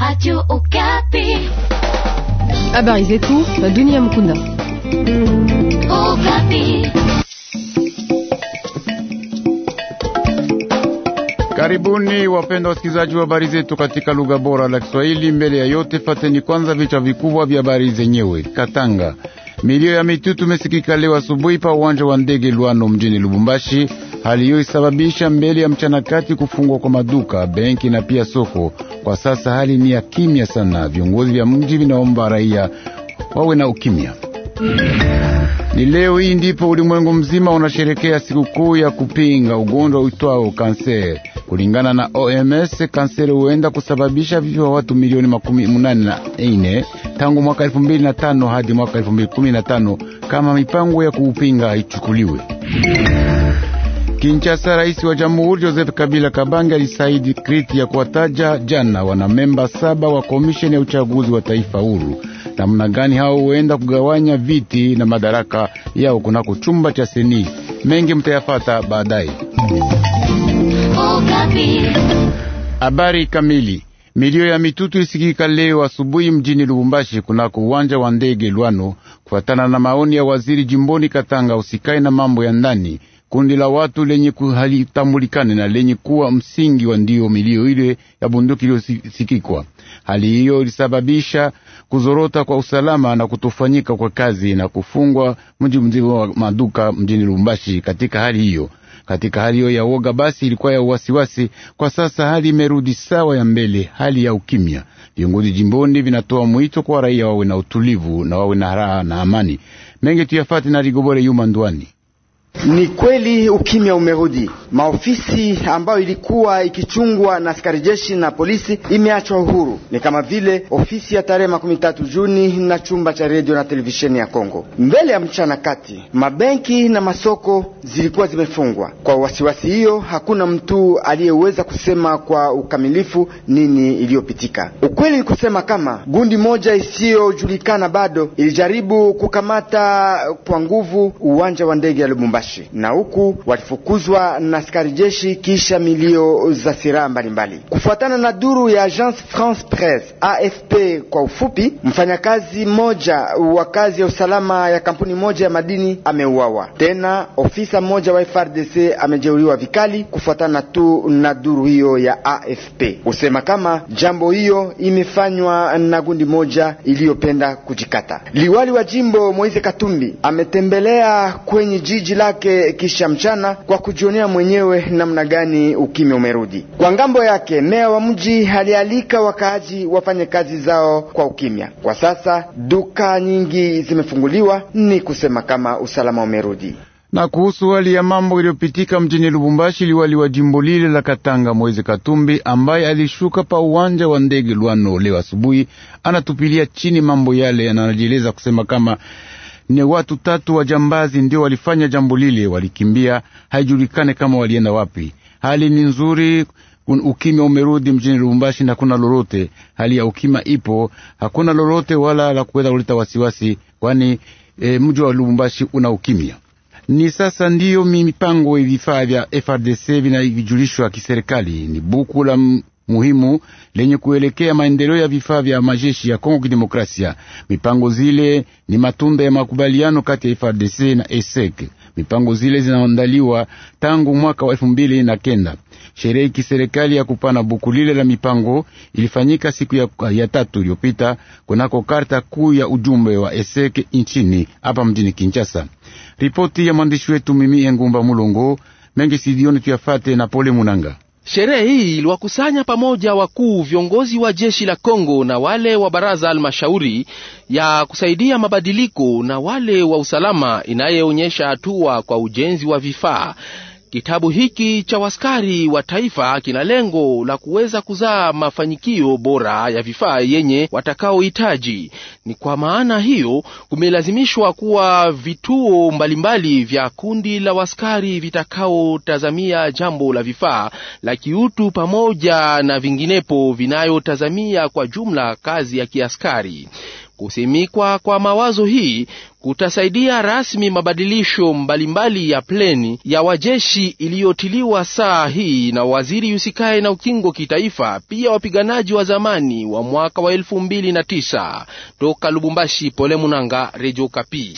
Radio Okapi. Habari ah zetu za dunia mkunda. Okapi. Karibuni wapenda wasikilizaji wa habari zetu katika lugha bora la Kiswahili. Mbele ya yote, fateni kwanza vichwa vikubwa vya habari zenyewe. Katanga, milio ya mitutu mesikika leo asubuhi pa uwanja wa ndege Luano mjini Lubumbashi Hali hiyo isababisha mbele ya mchanakati kufungwa kwa maduka, benki na pia soko. Kwa sasa hali ni ya kimya sana. Viongozi vya mji vinaomba raia wawe na ukimya. Ni leo hii ndipo ulimwengu mzima unasherekea sikukuu ya kupinga ugonjwa uitwao kanseri. Kulingana na OMS, kanseri huenda kusababisha vifo vya watu milioni makumi munane na ine tangu mwaka elfu mbili na tano hadi mwaka elfu mbili kumi na tano kama mipango ya kuupinga ichukuliwe. Kinshasa, rais wa jamhuri Joseph Kabila Kabange alisaidi kriti ya kuwataja jana wanamemba saba wa komisheni ya uchaguzi wa taifa huru. Namna gani hao huenda kugawanya viti na madaraka yao kunako chumba cha senii. Mengi mtayafata baadaye. Habari kamili. Milio ya mitutu isikika leo asubuhi mjini Lubumbashi kunako uwanja wa ndege Lwano, kufuatana na maoni ya waziri jimboni Katanga usikae na mambo ya ndani kundi la watu lenye kuhalitambulikane na lenye kuwa msingi wa ndio milio ile ya bunduki iliyosikikwa. Hali hiyo ilisababisha kuzorota kwa usalama na kutofanyika kwa kazi na kufungwa mji mzima wa maduka mjini Lumbashi. Katika hali hiyo katika hali hiyo ya woga basi ilikuwa ya wasiwasi. Kwa sasa hali imerudi sawa ya mbele, hali ya ukimya. Viongozi jimboni vinatoa mwito kwa raia wawe na utulivu na wawe na raha na amani. Mengi tuyafate na Rigobore Yuma Ndwani. Ni kweli ukimya umerudi. Maofisi ambayo ilikuwa ikichungwa na askari jeshi na polisi imeachwa uhuru, ni kama vile ofisi ya tarehe makumi tatu Juni na chumba cha redio na televisheni ya Kongo. Mbele ya mchana kati, mabenki na masoko zilikuwa zimefungwa. Kwa wasiwasi hiyo, hakuna mtu aliyeweza kusema kwa ukamilifu nini iliyopitika. Ukweli ni kusema kama gundi moja isiyojulikana bado ilijaribu kukamata kwa nguvu uwanja wa ndege ya Lubumbashi. Lubumbashi, na huku walifukuzwa na askari jeshi kisha milio za silaha mbalimbali. Kufuatana na duru ya Agence France Presse AFP kwa ufupi, mfanyakazi mmoja wa kazi ya usalama ya kampuni moja ya madini ameuawa. Tena ofisa mmoja wa FRDC amejeruhiwa vikali, kufuatana tu na duru hiyo ya AFP. Usema kama jambo hiyo imefanywa na gundi moja iliyopenda kujikata. Liwali wa jimbo Moise Katumbi ametembelea kwenye jiji la yake kisha mchana kwa kujionea mwenyewe namna gani ukime umerudi. Kwa ngambo yake, meya wa mji alialika wakaaji wafanye kazi zao kwa ukimya. Kwa sasa duka nyingi zimefunguliwa, ni kusema kama usalama umerudi na kuhusu hali ya mambo iliyopitika mjini Lubumbashi, liwali wa jimbo lile la Katanga Moise Katumbi, ambaye alishuka pa uwanja wa ndege Lwano leo asubuhi, anatupilia chini mambo yale na anajieleza kusema kama ni watu tatu wajambazi ndio walifanya jambo lile, walikimbia, haijulikane kama walienda wapi. Hali ni nzuri, ukimya umerudi mjini Lubumbashi na kuna lolote, hali ya ukima ipo, hakuna lolote wala la kuweza kuleta wasiwasi, kwani e, mji wa Lubumbashi una ukimya ni sasa ndiyo mipango vifaa vya FRDC vinavijulishwa kiserikali. Ni buku la muhimu lenye kuelekea maendeleo ya vifaa vya majeshi ya Kongo Kidemokrasia. Mipango zile ni matunda ya makubaliano kati ya FARDC na ESEC. Mipango zile zinaandaliwa tangu mwaka wa elfu mbili na kenda. Sherehe kiserikali ya kupana buku lile la mipango ilifanyika siku ya, ya tatu iliyopita kunako karta kuu ya ujumbe wa ESEC nchini hapa mjini Kinshasa. Ripoti ya mwandishi wetu mimi Engumba Mulongo mengi sidioni tuyafate na pole Munanga. Sherehe hii iliwakusanya pamoja wakuu viongozi wa jeshi la Kongo na wale wa baraza halmashauri ya kusaidia mabadiliko na wale wa usalama inayeonyesha hatua kwa ujenzi wa vifaa. Kitabu hiki cha waskari wa taifa kina lengo la kuweza kuzaa mafanikio bora ya vifaa yenye watakaohitaji. Ni kwa maana hiyo kumelazimishwa kuwa vituo mbalimbali vya kundi la waskari vitakaotazamia jambo la vifaa la kiutu pamoja na vinginepo vinayotazamia kwa jumla kazi ya kiaskari. Kusimikwa kwa mawazo hii kutasaidia rasmi mabadilisho mbalimbali ya pleni ya wajeshi iliyotiliwa saa hii na waziri Yusikae na ukingo kitaifa, pia wapiganaji wa zamani wa mwaka wa elfu mbili na tisa. Toka Lubumbashi, Pole Munanga, rejo Kapi.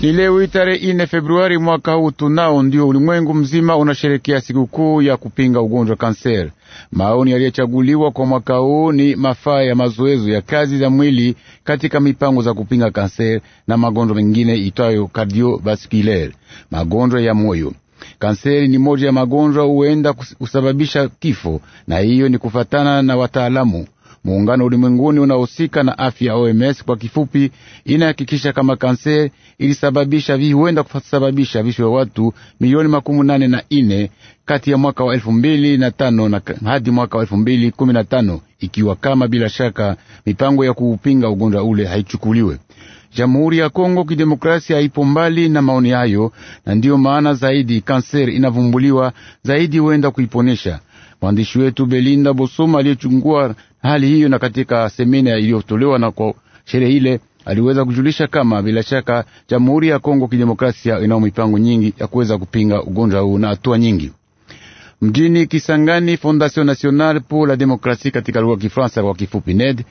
Ni leo hii tarehe ine Februari mwaka huu tunao ndio ulimwengu mzima unasherekea sikukuu ya kupinga ugonjwa kanseri. Maoni yaliyochaguliwa kwa mwaka huu ni mafaa ya mazoezo ya kazi za mwili katika mipango za kupinga kanseri na magonjwa mengine itwayo cardiovascular, magonjwa ya moyo. Kanseri ni moja ya magonjwa huenda kusababisha kifo, na hiyo ni kufatana na wataalamu Muungano ulimwenguni unaohusika na afya OMS kwa kifupi, inahakikisha kama kanseri ilisababisha vi huenda kusababisha vifo vya watu milioni makumi nane na ine kati ya mwaka wa elfu mbili na tano na hadi mwaka wa elfu mbili kumi na tano ikiwa kama bila shaka mipango ya kuupinga ugonjwa ule haichukuliwe. Jamhuri ya Kongo Kidemokrasia ipo mbali na maoni hayo, na ndiyo maana zaidi kanseri inavumbuliwa zaidi huenda kuiponesha Mwandishi wetu Belinda Bosoma aliyechungua hali hiyo na katika semina iliyotolewa na kwa sherehe ile aliweza kujulisha kama bila shaka Jamhuri ya Kongo Kidemokrasia inayo mipango nyingi ya kuweza kupinga ugonjwa huu na hatua nyingi. Mjini Kisangani, Fondation Nationale pour la Democratie katika lugha ya Kifaransa kwa kifupi NED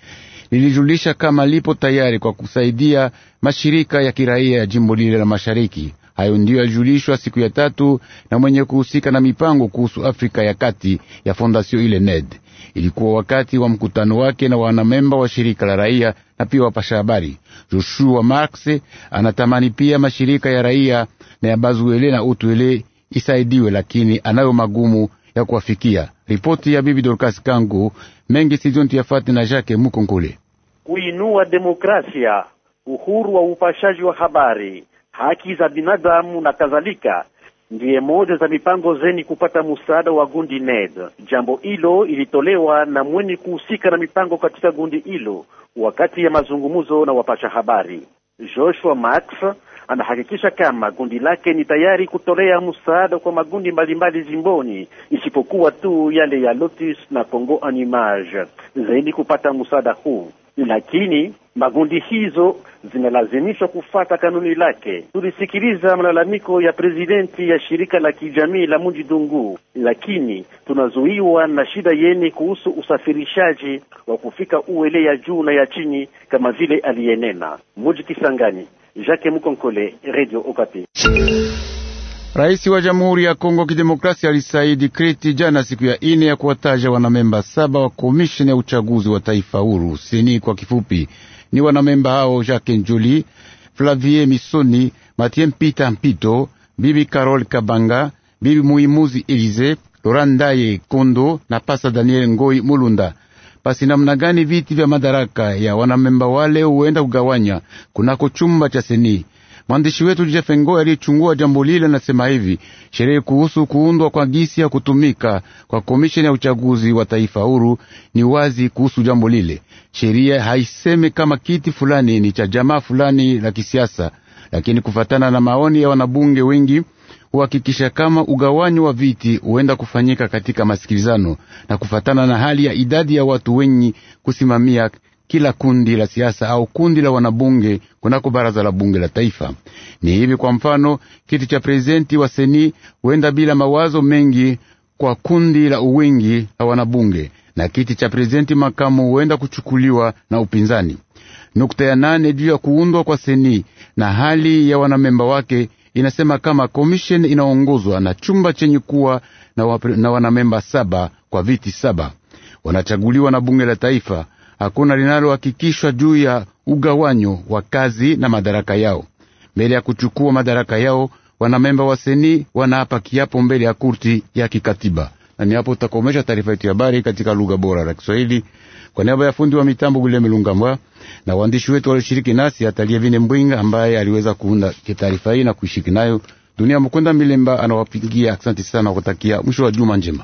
lilijulisha kama lipo tayari kwa kusaidia mashirika ya kiraia ya jimbo lile la mashariki Hayo ndiyo yajulishwa siku ya tatu na mwenye kuhusika na mipango kuhusu Afrika ya kati ya fondasio ile NED. Ilikuwa wakati wa mkutano wake na wanamemba wa shirika la raia na pia wapasha habari. Joshua Marx anatamani pia mashirika ya raia na ya Bazuele na Utuele isaidiwe, lakini anayo magumu ya kuwafikia. Ripoti ya bibi Dorcas Kangu mengi sizonti yafati na Jacques Mukonkole. Kuinua demokrasia, uhuru wa upashaji wa habari haki za binadamu na kadhalika ndiye moja za mipango zeni kupata msaada wa gundi NED. Jambo hilo ilitolewa na mwenye kuhusika na mipango katika gundi hilo wakati ya mazungumzo na wapasha habari. Joshua Max anahakikisha kama gundi lake ni tayari kutolea msaada kwa magundi mbalimbali zimboni, isipokuwa tu yale ya Lotus na Congo Animage zaidi kupata msaada huu, lakini magundi hizo zinalazimishwa kufata kanuni lake. Tulisikiliza malalamiko ya prezidenti ya shirika la kijamii la Muji Dungu, lakini tunazuiwa na shida yeni kuhusu usafirishaji wa kufika uwele ya juu na ya chini, kama vile aliyenena Muji Kisangani, Jacques Mukonkole, Radio Okapi. Rais wa Jamhuri ya Kongo Kidemokrasia alisaini dikreti jana siku ya ine ya kuwataja wanamemba saba wa komisheni ya uchaguzi wa taifa huru seni kwa kifupi. Ni wanamemba hao Jacques Njuli, Flavie Misoni, Mathieu Mpita Mpito, Bibi Carol Kabanga, Bibi Muimuzi Elize, Lorandaye Kondo na Pasa Daniel Ngoi Mulunda. Basi namna gani viti vya madaraka ya wanamemba wale huenda kugawanya kunako chumba cha seni Mwandishi wetu Jefengo aliyechungua jambo lile anasema hivi: sherehe kuhusu kuundwa kwa gisi ya kutumika kwa komisheni ya uchaguzi wa taifa huru ni wazi kuhusu jambo lile. Sheria haiseme kama kiti fulani ni cha jamaa fulani la kisiasa, lakini kufatana na maoni ya wanabunge wengi kuhakikisha kama ugawanyi wa viti huenda kufanyika katika masikilizano na kufatana na hali ya idadi ya watu wenye kusimamia kila kundi la siasa au kundi la wanabunge kunako baraza la bunge la taifa. Ni hivi kwa mfano, kiti cha prezidenti wa seni huenda bila mawazo mengi kwa kundi la uwingi la wanabunge, na kiti cha prezidenti makamu huenda kuchukuliwa na upinzani. Nukta ya nane juu ya kuundwa kwa seni na hali ya wanamemba wake inasema kama komisheni inaongozwa na chumba chenye kuwa na, na wanamemba saba kwa viti saba wanachaguliwa na bunge la taifa hakuna linalohakikishwa juu ya ugawanyo wa kazi na madaraka yao. Mbele ya kuchukua madaraka yao, wanamemba wa seni wanaapa kiapo mbele ya kurti ya kikatiba. Na ni hapo tutakomesha taarifa yetu ya habari katika lugha bora la Kiswahili. Kwa niaba ya fundi wa mitambo Guilherme Lungambwa na waandishi wetu walioshiriki nasi, Atalia Vine Mbwinga ambaye aliweza kuunda taarifa hii na kuishiki nayo, Dunia Mkwenda Milemba anawapigia asanti sana, wakutakia mwisho wa juma njema.